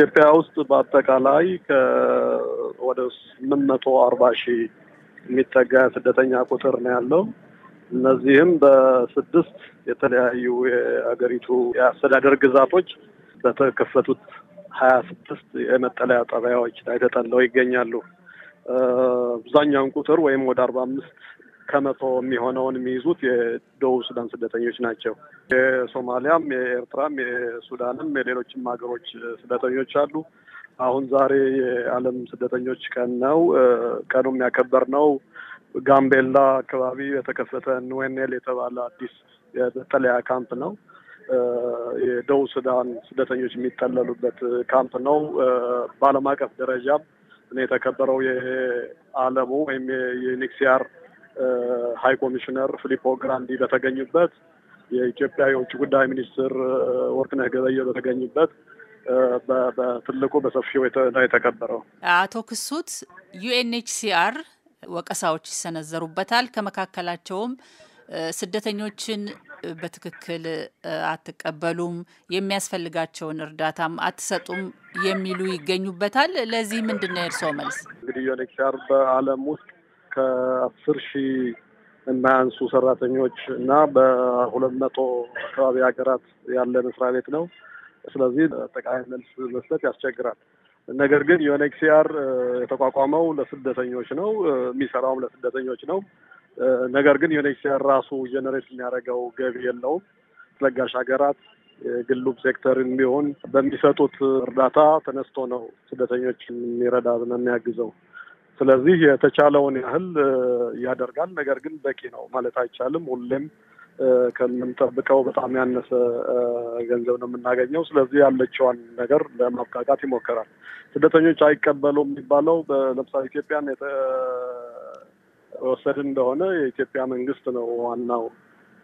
ኢትዮጵያ ውስጥ በአጠቃላይ ወደ ስምንት መቶ አርባ ሺህ የሚጠጋ ስደተኛ ቁጥር ነው ያለው። እነዚህም በስድስት የተለያዩ የሀገሪቱ የአስተዳደር ግዛቶች በተከፈቱት ሀያ ስድስት የመጠለያ ጣቢያዎች ላይ ተጠለው ይገኛሉ። አብዛኛውን ቁጥር ወይም ወደ አርባ አምስት ከመቶ የሚሆነውን የሚይዙት የደቡብ ሱዳን ስደተኞች ናቸው። የሶማሊያም፣ የኤርትራም፣ የሱዳንም የሌሎችም ሀገሮች ስደተኞች አሉ። አሁን ዛሬ የዓለም ስደተኞች ቀን ነው። ቀኑ የሚያከበር ነው። ጋምቤላ አካባቢ የተከፈተ ንዌኔል የተባለ አዲስ የመጠለያ ካምፕ ነው። የደቡብ ሱዳን ስደተኞች የሚጠለሉበት ካምፕ ነው። በዓለም አቀፍ ደረጃም የተከበረው የዓለሙ ወይም የዩኒክሲያር ሀይ ኮሚሽነር ፊሊፖ ግራንዲ በተገኙበት የኢትዮጵያ የውጭ ጉዳይ ሚኒስትር ወርቅነህ ገበየ በተገኙበት በትልቁ በሰፊው ነው የተከበረው። አቶ ክሱት ዩኤንኤችሲአር ወቀሳዎች ይሰነዘሩበታል። ከመካከላቸውም ስደተኞችን በትክክል አትቀበሉም፣ የሚያስፈልጋቸውን እርዳታም አትሰጡም የሚሉ ይገኙበታል። ለዚህ ምንድን ነው የእርስዎ መልስ? እንግዲህ ዩኤንኤችሲአር በዓለም ውስጥ ከአስር ሺህ የማያንሱ ሰራተኞች እና በሁለት መቶ አካባቢ ሀገራት ያለ መስሪያ ቤት ነው። ስለዚህ አጠቃላይ መልስ መስጠት ያስቸግራል። ነገር ግን ዩኤንኤችሲአር የተቋቋመው ለስደተኞች ነው፣ የሚሰራውም ለስደተኞች ነው። ነገር ግን ዩኤንኤችሲአር ራሱ ጀነሬት የሚያደርገው ገቢ የለውም። ለጋሽ ሀገራት የግሉም ሴክተርን ቢሆን በሚሰጡት እርዳታ ተነስቶ ነው ስደተኞች የሚረዳ ነው የሚያግዘው። ስለዚህ የተቻለውን ያህል ያደርጋል። ነገር ግን በቂ ነው ማለት አይቻልም። ሁሌም ከምንጠብቀው በጣም ያነሰ ገንዘብ ነው የምናገኘው። ስለዚህ ያለችዋን ነገር ለማብቃቃት ይሞከራል። ስደተኞች አይቀበሉም የሚባለው ለምሳሌ ኢትዮጵያን የተወሰድን እንደሆነ የኢትዮጵያ መንግስት ነው ዋናው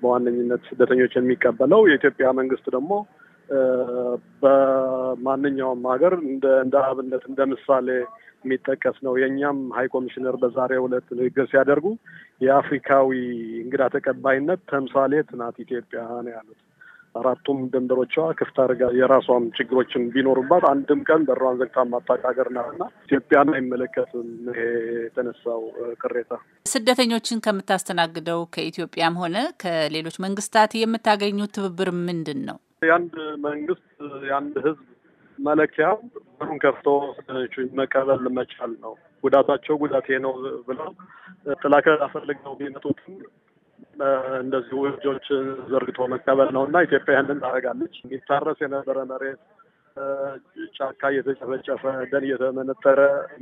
በዋነኝነት ስደተኞች የሚቀበለው። የኢትዮጵያ መንግስት ደግሞ ማንኛውም ሀገር እንደ አብነት እንደ ምሳሌ የሚጠቀስ ነው። የእኛም ሀይ ኮሚሽነር በዛሬው ዕለት ንግግር ሲያደርጉ የአፍሪካዊ እንግዳ ተቀባይነት ተምሳሌት ናት ኢትዮጵያ ነው ያሉት። አራቱም ድንበሮቿ ክፍት አድርጋ የራሷም ችግሮችን ቢኖሩባት አንድም ቀን በሯን ዘግታ ማታውቅ ሀገር ናት እና ኢትዮጵያን አይመለከትም ይሄ የተነሳው ቅሬታ። ስደተኞችን ከምታስተናግደው ከኢትዮጵያም ሆነ ከሌሎች መንግስታት የምታገኙት ትብብር ምንድን ነው? የአንድ መንግስት የአንድ ህዝብ መለኪያው በሩን ከፍቶ መቀበል መቻል ነው። ጉዳታቸው ጉዳቴ ነው ብለው ጥላከል አፈልገው ቢመጡትም እንደዚሁ እጆች ዘርግቶ መቀበል ነው እና ኢትዮጵያ ያንን ታደርጋለች። የሚታረስ የነበረ መሬት ጫካ እየተጨፈጨፈ ደን እየተመነጠረ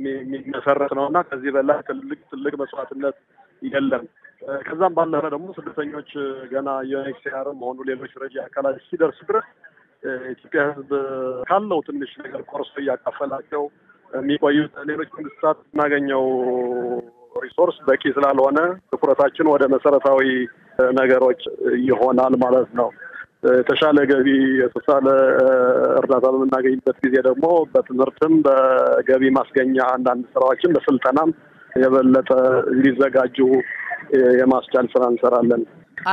የሚመሰረት ነው እና ከዚህ በላይ ትልቅ ትልቅ መስዋዕትነት የለም። ከዛም ባለፈ ደግሞ ስደተኞች ገና ዩኤንኤችሲአርም መሆኑ ሌሎች ረጂ አካላት ሲደርሱ ድረስ ኢትዮጵያ ሕዝብ ካለው ትንሽ ነገር ቆርሶ እያካፈላቸው የሚቆዩት ሌሎች መንግስታት እናገኘው ሪሶርስ በቂ ስላልሆነ ትኩረታችን ወደ መሰረታዊ ነገሮች ይሆናል ማለት ነው። የተሻለ ገቢ የተሻለ እርዳታ በምናገኝበት ጊዜ ደግሞ በትምህርትም በገቢ ማስገኛ አንዳንድ ስራዎችን በስልጠናም የበለጠ እንዲዘጋጁ የማስቻል ስራ እንሰራለን።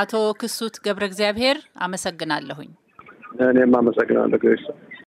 አቶ ክሱት ገብረ እግዚአብሔር አመሰግናለሁኝ። እኔም አመሰግናለሁ።